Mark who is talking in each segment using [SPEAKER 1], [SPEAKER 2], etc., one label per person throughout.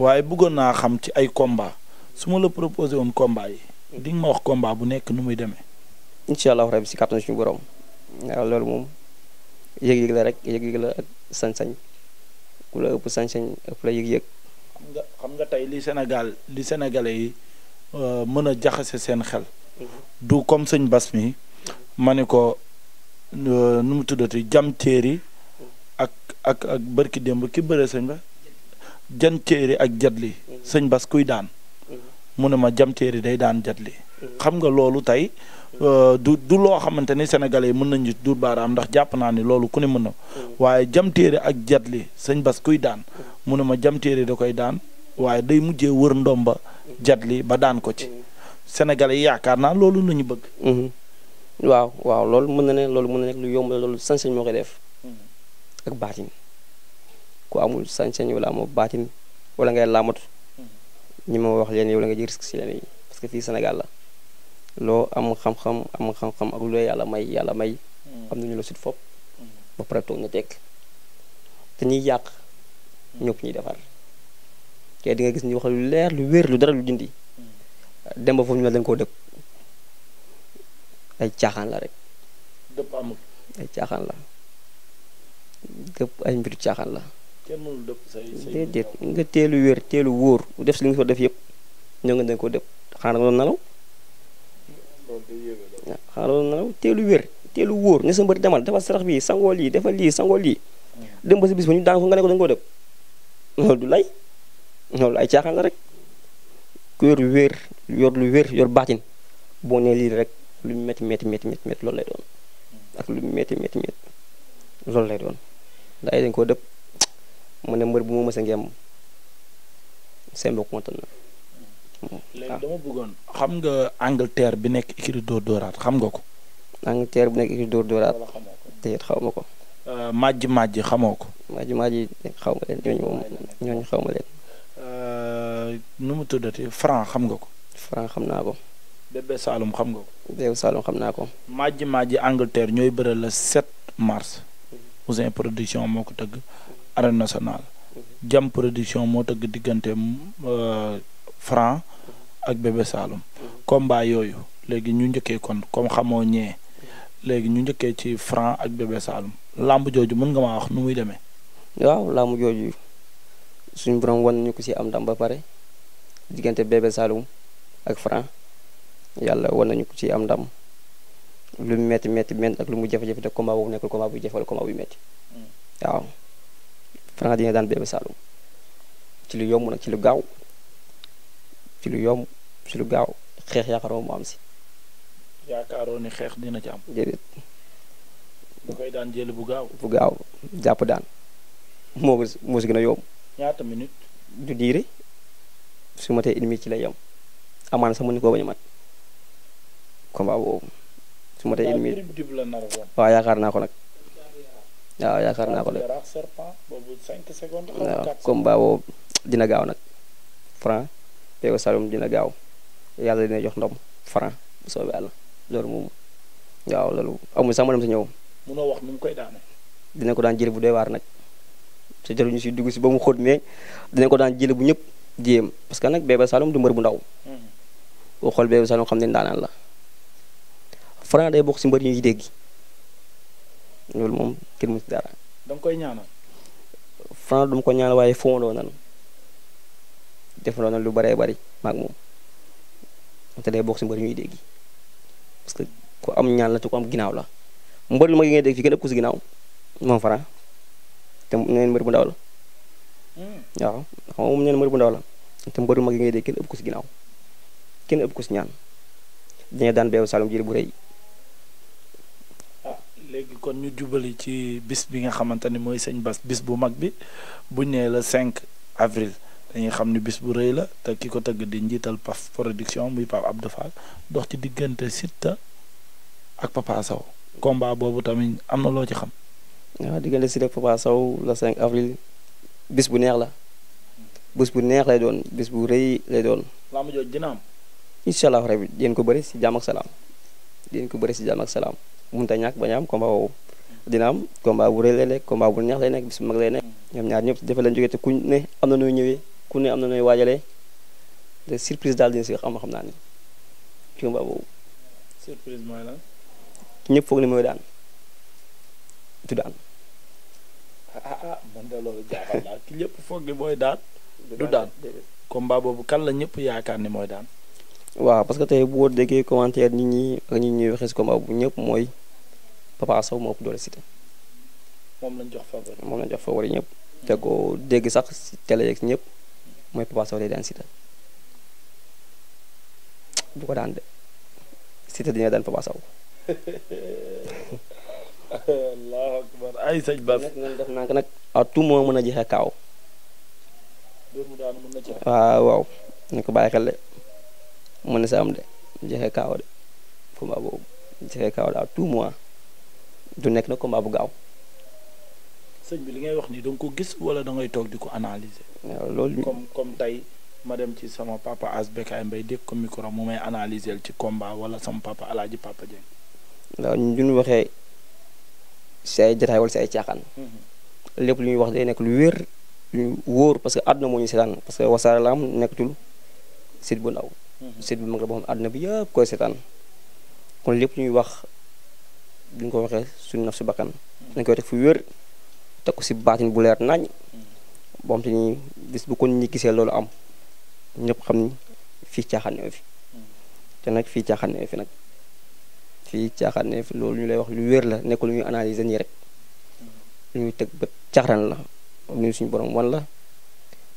[SPEAKER 1] waaye buggoon naa xam ci ay combat su ma la proposé woon combat yi. di ma wax combat bu nekk nu muy demee. incha allah rabi si kàttan suñu borom
[SPEAKER 2] waaw loolu moom yëg-yëg la rek yëg-yëg la ak sañ-sañ ku la ëpp sañ ëpp la yëg-yëg.
[SPEAKER 1] xam nga xam nga tey li Sénégal li sénégalais yi euh, mën a jaxase seen xel. Mhm. du comme sañ Bas mi ma ni ko euh, nu mu tuddati jam téeri ak ak ak bërki démb ki bëree sëñ la jan téere ak jatli mm-hmm. sëñ bas kuy daan mm-hmm. mu ne ma jam téere day daan jatli mm-hmm. xam nga loolu tey euh, du du loo xamante ni sénégalais yi mën nañu du baaraam ndax jàpp naa ni loolu ku ne mën na waaye jam ak jatli sëñ bas kuy daan mu ne ma jam téere da koy daan waaye day mujjee wër ndomba jatli ba daan ko ci sénégalais yi yaakaar naa
[SPEAKER 2] loolu la ñu bëgg waaw waaw loolu mën na ne loolu mun na nekk loolu sañ-sañ moo koy def ak baatin ku amul sañ-sañ wala amoo baatin wala ngay laamatu ñi ma wax leen yow la nga ji risque si leen yi parce que fii Sénégal la loo am xam-xam am xam-xam ak lu yàlla may yàlla may am nañu la sut fop ba pare toog na te ñuy yàq ñëpp ñuy defar te danga gis ñu wax lu leer lu wér lu dara lu dindi dem ba foofu ñu ne dañ koo dëpp ay caaxaan la rek dëpp amul ay caaxaan la dëpp ay mbiru caaxaan la kenn mënul dëpp say say déedéet nga teelu wér teelu wóor def si li nga fa def yëpp ñëw nga dañ ko dëpp xaaral doon nalaw xaaral doon nalaw teelu wér teelu wóor ne sa mbër demal dafa sarax bi sangoo lii defal lii sangoo lii hmm. dem ba si bis ba ñu daan ko nga ne ko dañ ko dëpp loolu du lay loolu ay caaxaan rek ku yor wér yor lu wér yor baatin boo nee lii rek lu métti métti met métti loolu lay doon hmm. ak lu métti met métti loolu lay doon dañ koo dëpp mu ne mbër bu ma mës a ngeem Sèmba kontaan na. bëggoon xam nga Angleterre bi nekk écurie Dóor Dóoraat xam nga ko. Angleterre bi nekk écurie Dóor Dóoraat. te xaw ma ko.
[SPEAKER 1] Euh, Majji Majji xamoo ko.
[SPEAKER 2] Majji Majji xaw ma leen ñooñu xaw ma leen. Euh, nu mu tuddati Franc xam nga ko. Franc xam naa ko.
[SPEAKER 1] Bébé Saloum xam nga ko. Bébé xam naa ko. Majji Majji Angleterre ñooy bëre le 7 mars. Mhm. Ousin production moo ko tëgg. arène nationale. jam production moo tëgg diggante euh, franc ak bébé Saloum. combat yooyu léegi ñu njëkkee kon comme xamoo ñee léegi ñu njëkkee ci franc ak bébé Saloum làmb jooju mën nga maa wax nu muy demee.
[SPEAKER 2] waaw làmb jooju suñu borom wan ñu ko si am ndam ba pare diggante bébé Saloum ak franc yàlla wan nañu ko ci am ndam. lu mu métti métti métti ak lu mu jafe-jafe te combat boobu nekkul combat bu jafe wala combat bu mm. waaw. Franc Tiñe daan Bébé Saloum ci lu yomb nag ci gaaw ci lu yomb ci lu gaaw xeex yaakaaroo mu am si.
[SPEAKER 1] yaakaaroo ni xeex dina ci am. déedéet. da koy daan jël bu gaaw.
[SPEAKER 2] bu gaaw jàpp daan ñaata minute. du diire su ma tee une minute ci lay yem amaana sax ni koo bañ a mat combat boobu su ma tee une minute waaw yaakaar naa ko nag. waaw yaakaar naa ko de
[SPEAKER 1] waaw combat boobu
[SPEAKER 2] dina gaaw nag franc Peko Saloum dina gaaw yàlla dina jox ndam franc bu soobee yàlla loolu moom waaw loolu amul sax ma dem sa ñëw.
[SPEAKER 1] wax nu koy daane.
[SPEAKER 2] dina ko daan jël bu doy waar nag te jël si dugg si ba mu xóot mais dina ko daan jël bu ñëpp jéem parce que nag Bébé Saloum du mbër bu ndaw. Hmm. boo xool Bébé Saloum xam ne ndaanaan la franc day bokk si mbër yi dégg. loolu moom kenn mu ci dara. da koy ñaanal. Franc du ma ko ñaanal waaye fóonoo nañu defandoo nañu lu baree bari maag moom te day bokk si mbër ñuy parce que ku am ñaan la te ku am ginnaaw la mbër lu ma ngay dégg fi gën mbër bu ndaw la hmm. waaw xam bu ndaw la te mbër ma kenn ëpp ko si ginaaw kenn ëpp ko si ñaan dañuy daan beew Saloum jël bu rëy.
[SPEAKER 1] kon ñu jubali ci bis bi nga xamante ni mooy sëñ bas bis bu mag bi buñ nee la 5 avril dañuy xam ni bis bu rëy la te ki ko tëgg di njiital Paf production muy Pape Abdou Fall dox ci diggante Siteu ak Papa Sow combat boobu tamit am na loo ci xam.
[SPEAKER 2] nga diggante Siteu ak Papa Sow le 5 avril bis bu neex la bis bu neex lay doon bis bu rëy lay doon. laa ma jooju dina am. incha allah rabi ko bëri si jàmm ak salaam ko bëri si jàmm ak salaam. mënut a ñàkk bañ a am combat woowu dina am combat bu rëy lay nekk combat bu neex lay nekk bis bu mag lay nekk ñoom ñaar ñëpp defe lañ jógee te ku ne am na nooy ñëwee ku ne am na nooy waajalee te surprise daal dina si am xam naa ne ci combat boobu.
[SPEAKER 1] surprise mooy lan.
[SPEAKER 2] ñëpp foog ne mooy daan du daan.
[SPEAKER 1] Ah, ah ah man de loolu jaaxal naa ki ñëpp foog ne mooy daan. du daan combat boobu kan la ñëpp yaakaar ni mooy daan.
[SPEAKER 2] waaw parce que tey boo déggee commentaire nit ñi ak nit ñi waxee si combat bu ñëpp mooy. Papa Sow moo ëpp doole
[SPEAKER 1] moom lañ jox favori moom jox
[SPEAKER 2] favori ñëpp. te ko dégg sax si mooy Papa Sow day ko daan de Siteu dina daan Papa Sow. nag à tout moment mën a jeexee kaaw. doomu daanu mën na jeexee. waaw waaw nañ ko bàyyi xel de mën na sa am de jeexee kaaw de combat boobu de à tout moment. du nekk na combat bu gaaw.
[SPEAKER 1] sëñ bi li ngay wax ni da ko gis wala da ngay toog di ko analyser. waaw loolu comme comme tey ma dem ci sama papa Asbekaay Mbaye dégg ko micro mu may analyser ci combat wala sama papa Alaaji Papa Dieng.
[SPEAKER 2] waaw ñun waxee si ay jotaay wala ay caaxaan. Mm-hmm. lépp lu ñuy wax day nekk lu wér lu wóor parce que àdduna moo ñu seetaan parce que Wassare Lamb nekkatul site bu ndaw. Mm-hmm. site bu mag boo xam àdduna bi yëpp koy seetaan kon lépp lu ñuy wax. bu ñu ko waxee suñ naf si bakkan dañ koy teg fu wér teg ko si baatin bu leer nañ boo xam te ni bu ko ñi gisee loolu am ñëpp xam fii caaxaan ne fi te nag fii caaxaan ne fi nag fii caaxaan ne fi loolu ñu lay wax lu wér la nekk lu ñuy analyser nii rek lu ñuy teg ba caaxaan la ñu suñu borom wan la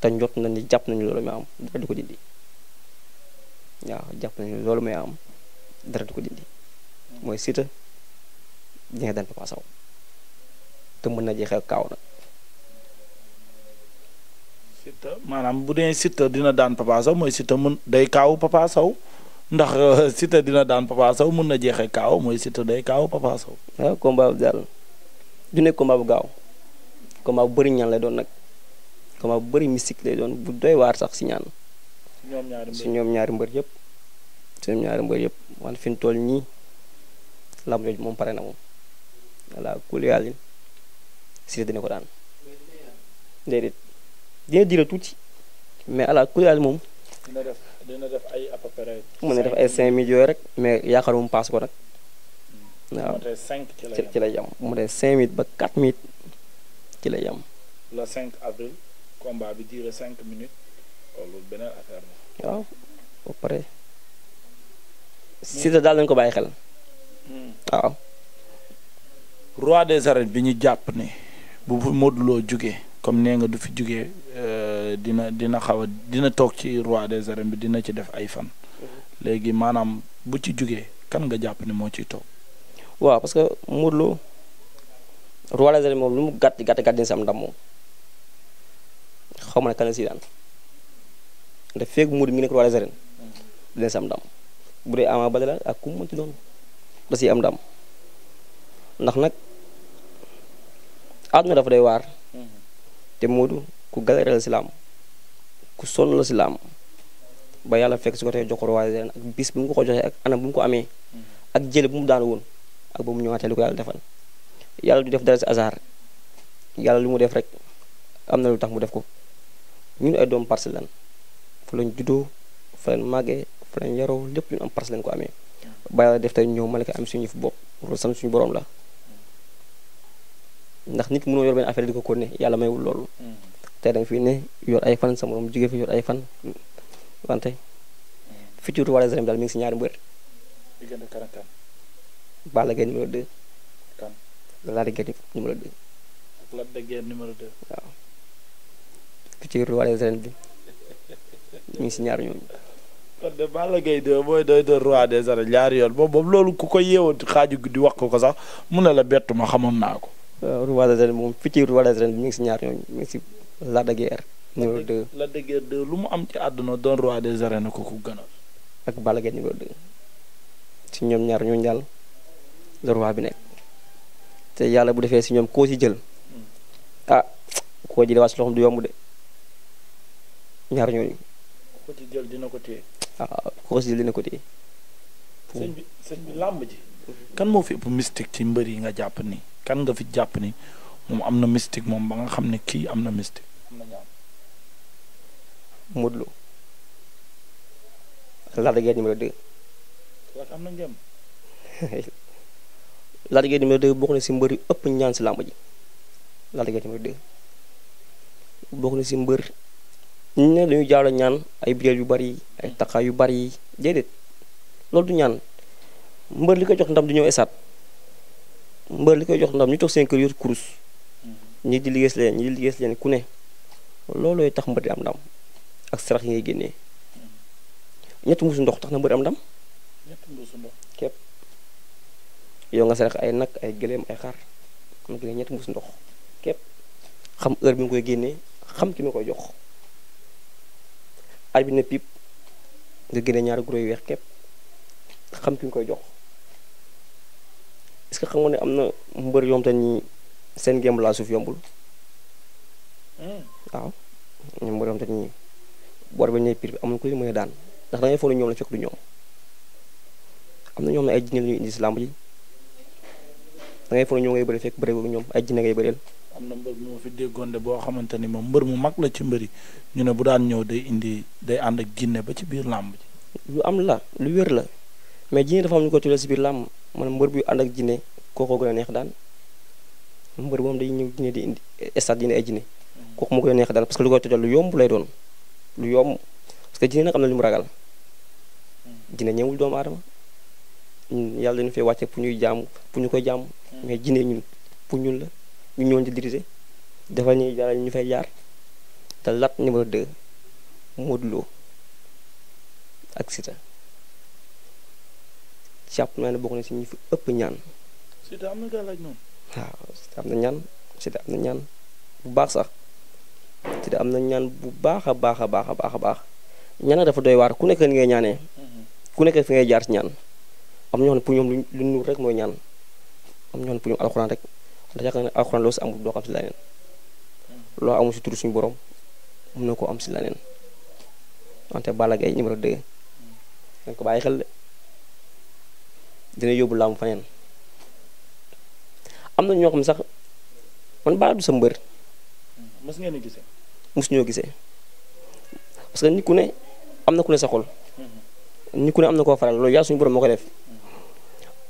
[SPEAKER 2] te njot na ni jàpp nañu loolu ma am dara du ko dindi waaw jàpp nañu loolu may am dara du ko dindi mooy Siteu jeexital Papa Sow te mën na jeexal kaw nag. maanaam bu
[SPEAKER 1] dee Siteu dina daan Papa mooy Siteu mën day kaaw Papa Sow ndax euh, Siteu dina daan
[SPEAKER 2] Papa Sow mën na jeexee kaaw mooy Siteu day kaaw Papa Sow. waaw ah, combat bi daal du nekk combat bu gaaw combat bu bari ñaan lay doon nag combat bu bëri mystique lay doon bu doy waar sax si ñaan. ñoom ñaari mbër si ñoom ñaari mbër yëpp. si ñoom ñaari mbër yëpp wan fi ñu toll nii lamb yooyu moom pare na moom. voilà kulli yàlla Cité dina ko daan déedéet dina dira tuuti mais ala kulli yàlla moom.
[SPEAKER 1] dina def def ay à peu près. mën na def ay
[SPEAKER 2] cinq rek mais yaakaar moom paas ko nag. Hmm. waaw ci lay yam mu dee cinq minutes ba quatre minutes ci lay yam
[SPEAKER 1] le 5 avril combat bi dure cinq minutes affaire
[SPEAKER 2] la. waaw ba pare Cité daal lañ ko bàyyi xel. Hmm. waaw. roi des arènes bi ñu jàpp
[SPEAKER 1] ne bu fi Modou Lo jugee comme nee nga du fi jugee euh, dina dina xaw a dina toog ci roi des arènes bi dina ci def ay fan. Mhm. léegi maanaam bu ci jugee
[SPEAKER 2] kan nga jàpp ne moo ciy toog. waaw parce que Modou Lo roi des arènes moom lu mu gàtt gàtt gàtt dina si am ndam moom xaw ma ne kan la feeg Modou mi ngi nekk mhm. ndam bu dee Ama ak ku mu da si am ndam ndax nag. àdduna dafa day waar mhm. te Modou ku galéré la si làmb ku sonn la si làmb ba yàlla fekk si ko tey jox ko waaye ak bis bi mu ko joxee ak anam bu mu ko amee mhm. ak jële bu mu daan woon ak ba mu ñëwaatee lu ko yàlla yàlla du def dara si yàlla lu mu def rek am na lu tax mu def ko ñun ay doom Parcelles lan fa lañ juddoo fa lañ màggee fa lañ yaroo lépp lu ñu am Parcelles lañ ko amee ba yàlla def tey ñëw ma la ko am suñu fu bopp loolu sant suñu boroom la ndax nit ki mënoo yor benn affaire di ko ko mm. ne yàlla maywul loolu tey da fi yor ay fan sa morom jóge fi yor ay fan wante mm. futur Wally mi ngi si ñaari mbër Balla Gaye numéro 2 Lac de Guiers bi mi ngi si ñaar ñooñu
[SPEAKER 1] kon de Balla Gaye 2 mooy doy doon roi des arènes boobu loolu ku ko yeewoon xaaju guddi wax ko ko sax mun na la bettu ma xamoon naa ko
[SPEAKER 2] Euh, roi des arènes moom futur roi des arènes mi ngi si ñaar ñooñu mi ngi si la de Guiers numéro 2
[SPEAKER 1] Lac de Guiers 2 lu mu am ci àdduna doon roi des arènes ko ku gënal
[SPEAKER 2] ak Balla Gaye numéro si ñoom ñaar ñooñu daal le roi bi nekk te yàlla bu defee si ñoom koo si jël hmm. ah koo jëlee waa si loxoom du yomb de ñaar ñooñu.
[SPEAKER 1] ci jël dina ko téye.
[SPEAKER 2] ah koo si ko téye. sëñ bi
[SPEAKER 1] sëñ bi kan moo fi ëpp mystique ci mbër yi nga jàpp ni kan nga fi jàpp ni moom am na mystique moom ba nga xam ne kii am na mystique.
[SPEAKER 2] Modou Lo. Lac de Guiers numéro 2. waaw am na ngëm. Lac de Guiers numéro 2 bokk na si mbër yu ëpp si làmb ji Lac de Guiers si mbër ñu ne dañu jaawla ñaan ay biréel yu bari ay taxaw yu bari déedéet loolu ñaan. mbër li koy jox ndam du ñëw esaat mbër li koy jox ndam ñu toog seen kër yor kurus mm-hmm. ñi di liggéey leen ñi di liggéey leen ku ne loolooy tax mbër di am ndam ak sarax yi ngay génnee mm-hmm. ñetti mbuusu ndox tax na mbër am ndam.
[SPEAKER 1] ñetti mbuusu ndox
[SPEAKER 2] yow nga sarax ay nag ay gëléem ay xar nag ne ñetti mbuusu ndox képp xam heure bi nga koy génnee xam ki ma koy jox. ar bi ne nga génne ñaari guro yu weex képp xam ki nga koy jox. est-ce que xam am na mbër yoom te ñi seen gémb laa suuf yombul te ñi boor ba ñooy bi amul ku ñu daan ndax da la fekk du ñoom am ay jinne la indi si làmb ji da ngay foog ne ñoom ay jinne ngay bëreel
[SPEAKER 1] am na mbër bu ma boo xamante ni moom mbër mu mag la ci mbëri ñu ne bu daan ñëw day indi day ànd ak jinne ba ci biir làmb ji
[SPEAKER 2] lu am la lu wér la mais jinne dafa am ñu ko tuddee si biir làmb man mbër bu ànd ak jinne kookoo gën a neex daan mbër moom day ñëw jinne di indi stade dina ay jinne kooku moo gën a neex daan parce que lu koy tojal lu yomb lay doon lu yomb parce que jinne nag am na lu mu ragal jinne ñëwul doomu aadama ñun yàlla nu fee wàcce pour ñuy jaamu pour ñu koy jaamu mais jinne ñun pour ñun la ñu ñoon di diriger dafa ñuy dara ñu fay jaar te lat ni 2 Modou Lo ak Siteu jàpp naa ne bokk na si ñu fi ëpp ñaan. am na gàllaaj waaw am na ñaan Siteu bu baax sax Siteu am na ñaan bu baax a baax a baax a baax a baax ñaan dafa doy waar ku nekk ni ngay ñaanee. Mm-hmm. ku nekk fi ngay jaar si ñaan. am ñoo xam ne lu ñu rek mooy ñaan am ñoo xam ne pour ñoom alxuraan ne alxuraan loo si amul doo mm-hmm. loo amul si turu suñu borom mun na koo am si leneen wante Balla Gaye numéro 2 dañ mm-hmm. ko bàyyi xel de. dina yóbbu làmb faneen am na ñoo xam sax man baa du sa mbër. mos ngeen a gisee. mos ñoo gisee ku ne am na ku ne sa xol. nit ku ne am na koo faral loolu yaa suñu borom moo ko def.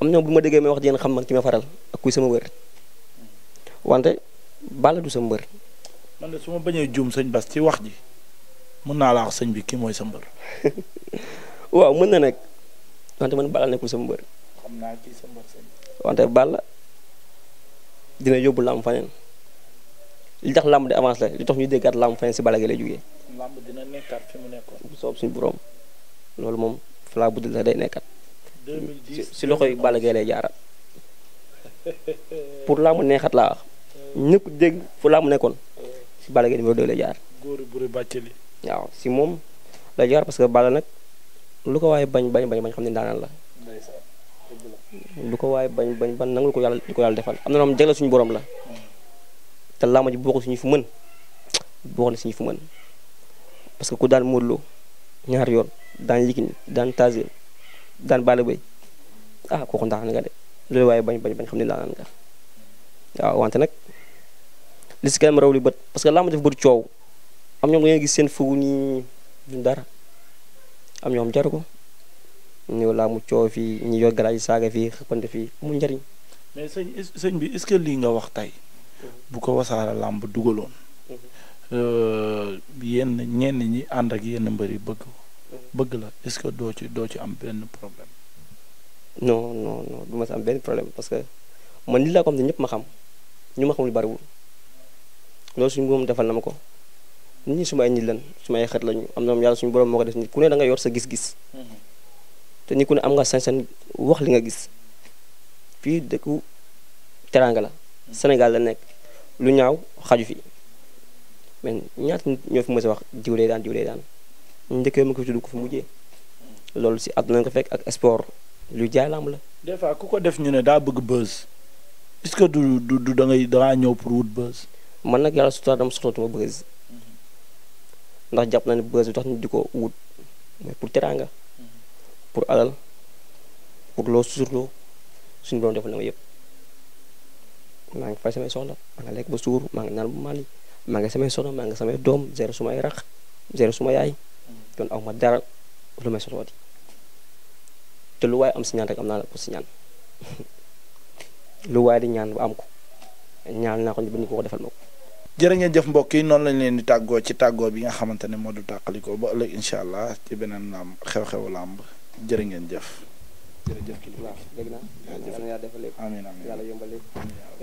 [SPEAKER 2] am na bu ma déggee may wax di ngeen xam man ci ma faral ak kuy sama mbër wante Balla du sa mbër. man de su ma sëñ Bas ci wax ji mën naa la sëñ bi kii mooy sa waaw mën na nekk wante man Balla nekkul sama mbër. wante Balla dina yóbbu làmb faneen li tax làmb di avance la li tax ñu déggaat làmb faneen si Balla Gaye lay jógee.
[SPEAKER 1] làmb dina nekkaat mu nekkoon. bu soob suñu borom
[SPEAKER 2] loolu moom falaa buddil sax day nekkaat. si loxo yi Balla Gaye lay jaaraat pour làmb neexat laa wax. ñëpp dégg fu làmb nekkoon si Balla Gaye numéro 2 lay jaar.
[SPEAKER 1] góor bu bàccali
[SPEAKER 2] waaw si moom lay jaar parce que Balla nag lu ko waaye bañ bañ bañ bañ xam ne daanaan la. lu ko waaye bañ bañ ban nangul ko yàlla di ko yàlla defal am na ñoom jagle suñu borom la te làmb ji bokk suñu fu mën bokk na suñu fu mën parce que ku daan Modou Lo ñaar yoon daan Yékini daan Taze daan Balla Gaye ah kooku ndaanaan nga de loolu waaye bañ bañ bañ xam ne ndaanaan waaw wante nag li si kanam raw li parce que làmb dafa bëri coow am ñoom nga gis seen fugu nii duñ am ñoom jaru ko. ñu laamu coow fii ñu yor garage saaga fii xëppante fii
[SPEAKER 1] mu njariñ mais sëñ sëñ bi est-ce que lii nga wax tey bu ko wasaara làmb dugaloon euh, yenn ñenn ñi ànd ak yenn mbër yi bëgg bëgg la est-ce que doo ci doo ci am benn problème
[SPEAKER 2] non non non du ma si am benn problème parce que man li laa ko xam ne ñëpp ma xam ñu ma xamul bariwul loolu suñu borom defal na ma ko nit ñi suma ay nit lan suma ay xet lañu am na moom yàlla suñu borom moo ko def nit ku ne da nga yor sa gis-gis mhm. te ni ku ne am nga sañ-sañ wax li nga gis fii dëkku teraanga la Sénégal la nekk lu ñaaw xaju fi mais ñaata nit ñoo fi mës a wax diwlee daan diwlee daan njëkkee ma ko tudd ko fi mujjee loolu si àdduna nga ko fekk ak sport lu jaay mu la.
[SPEAKER 1] des fois ku ko def ñu ne daa bëgg buzz est que du du du da ngay da ñëw pour
[SPEAKER 2] wut buzz. man nag yàlla sutura dama soxlatuma buzz mhm. ndax jàpp na ne buzz bi tax nit di ko wut mais pour teraanga. pour alal pour loo suturloo suñu borom def na ma yëpp maa ngi fay samay soxla maa nga lekk ba suur maa nga naan bu mali maa samay doom zéro su may rax zéro su yaay kon aw ma dara lu may soxlaati te lu waaye am si ñaan rek am naa la ko si ñaan lu waaye di ñaan ba am ko ñaan naa ko ba ñu ko defal ma ko
[SPEAKER 1] jërë ngeen jëf mbokk yi noonu lañ leen di tàggoo ci tàggoo bi nga xamante ne moo du tàqaliko ba ëllëg incha allah ci beneen làmb xew-xewu làmb jërë ngeen jëf.
[SPEAKER 2] jërëjëf kilifa dégg naa. amiin amiin yàlla yombal